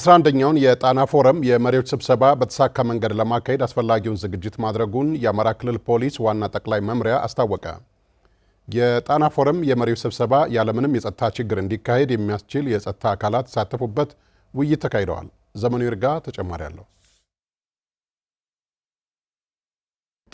አስራ አንደኛውን የጣና ፎረም የመሪዎች ስብሰባ በተሳካ መንገድ ለማካሄድ አስፈላጊውን ዝግጅት ማድረጉን የአማራ ክልል ፖሊስ ዋና ጠቅላይ መምሪያ አስታወቀ። የጣና ፎረም የመሪዎች ስብሰባ ያለምንም የጸጥታ ችግር እንዲካሄድ የሚያስችል የጸጥታ አካላት የተሳተፉበት ውይይት ተካሂደዋል። ዘመኑ ይርጋ ተጨማሪ አለው።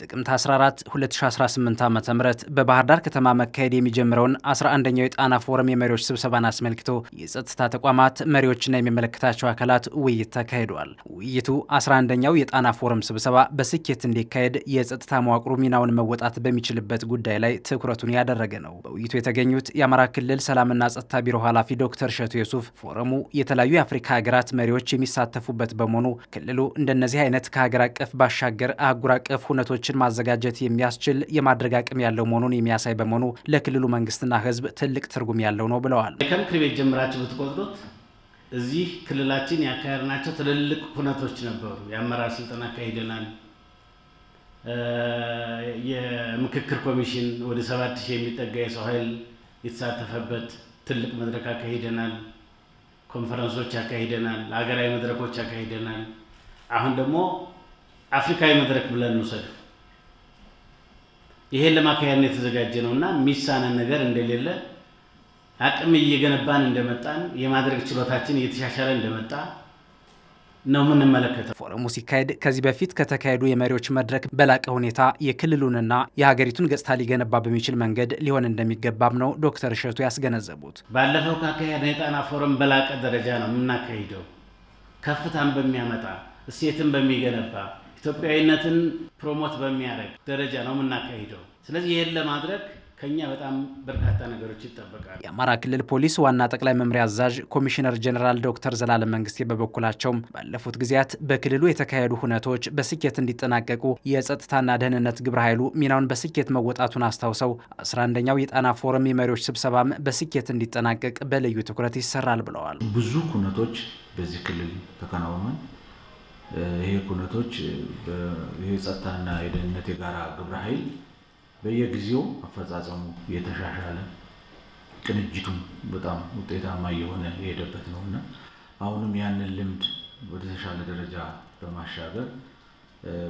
ጥቅምት 14 2018 ዓ ም በባህር ዳር ከተማ መካሄድ የሚጀምረውን 11ኛው የጣና ፎረም የመሪዎች ስብሰባን አስመልክቶ የጸጥታ ተቋማት መሪዎችና የሚመለከታቸው አካላት ውይይት ተካሂዷል። ውይይቱ 11ኛው የጣና ፎረም ስብሰባ በስኬት እንዲካሄድ የጸጥታ መዋቅሩ ሚናውን መወጣት በሚችልበት ጉዳይ ላይ ትኩረቱን ያደረገ ነው። በውይይቱ የተገኙት የአማራ ክልል ሰላምና ጸጥታ ቢሮ ኃላፊ ዶክተር እሸቱ ዩሱፍ ፎረሙ የተለያዩ የአፍሪካ ሀገራት መሪዎች የሚሳተፉበት በመሆኑ ክልሉ እንደነዚህ አይነት ከሀገር አቀፍ ባሻገር አህጉር አቀፍ ሁነቶች ፕሮጀክቶችን ማዘጋጀት የሚያስችል የማድረግ አቅም ያለው መሆኑን የሚያሳይ በመሆኑ ለክልሉ መንግስትና ህዝብ ትልቅ ትርጉም ያለው ነው ብለዋል። ከምክር ቤት ጀምራችሁ ብትቆጥሩት እዚህ ክልላችን ያካሄድናቸው ትልልቅ ሁነቶች ነበሩ። የአመራር ስልጠና አካሂደናል። የምክክር ኮሚሽን ወደ ሰባት ሺህ የሚጠጋ የሰው ኃይል የተሳተፈበት ትልቅ መድረክ አካሂደናል። ኮንፈረንሶች አካሂደናል። ሀገራዊ መድረኮች አካሂደናል። አሁን ደግሞ አፍሪካዊ መድረክ ብለን እንውሰድ። ይሄን ለማካሄድ ነው የተዘጋጀ ነው እና የሚሳነን ነገር እንደሌለ አቅም እየገነባን እንደመጣን የማድረግ ችሎታችን እየተሻሻለ እንደመጣ ነው የምንመለከተው። ፎረሙ ሲካሄድ ከዚህ በፊት ከተካሄዱ የመሪዎች መድረክ በላቀ ሁኔታ የክልሉንና የሀገሪቱን ገጽታ ሊገነባ በሚችል መንገድ ሊሆን እንደሚገባም ነው ዶክተር እሸቱ ያስገነዘቡት። ባለፈው ካካሄድ የጣና ፎረም በላቀ ደረጃ ነው የምናካሂደው፣ ከፍታን በሚያመጣ እሴትን በሚገነባ ኢትዮጵያዊነትን ፕሮሞት በሚያደርግ ደረጃ ነው የምናካሂደው። ስለዚህ ይህን ለማድረግ ከኛ በጣም በርካታ ነገሮች ይጠበቃሉ። የአማራ ክልል ፖሊስ ዋና ጠቅላይ መምሪያ አዛዥ ኮሚሽነር ጀኔራል ዶክተር ዘላለም መንግስቴ በበኩላቸውም ባለፉት ጊዜያት በክልሉ የተካሄዱ ሁነቶች በስኬት እንዲጠናቀቁ የጸጥታና ደህንነት ግብረ ኃይሉ ሚናውን በስኬት መወጣቱን አስታውሰው 11ኛው የጣና ፎረም የመሪዎች ስብሰባም በስኬት እንዲጠናቀቅ በልዩ ትኩረት ይሰራል ብለዋል። ብዙ ሁነቶች በዚህ ክልል ተከናውኗል። ይሄ ኩነቶች ይሄ የደህንነት የጋራ ግብረ ኃይል በየጊዜው አፈጻጸሙ እየተሻሻለ ቅንጅቱም በጣም ውጤታማ እየሆነ የሄደበት ነው እና አሁንም ያንን ልምድ ወደ ተሻለ ደረጃ በማሻገር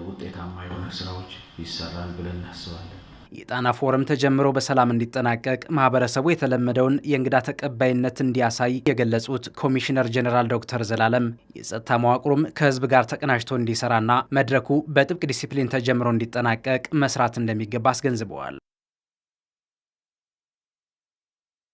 ውጤታማ የሆነ ስራዎች ይሰራል ብለን እናስባለን። የጣና ፎረም ተጀምሮ በሰላም እንዲጠናቀቅ ማህበረሰቡ የተለመደውን የእንግዳ ተቀባይነት እንዲያሳይ የገለጹት ኮሚሽነር ጀኔራል ዶክተር ዘላለም የጸጥታ መዋቅሩም ከህዝብ ጋር ተቀናጅቶ እንዲሰራና መድረኩ በጥብቅ ዲሲፕሊን ተጀምሮ እንዲጠናቀቅ መስራት እንደሚገባ አስገንዝበዋል።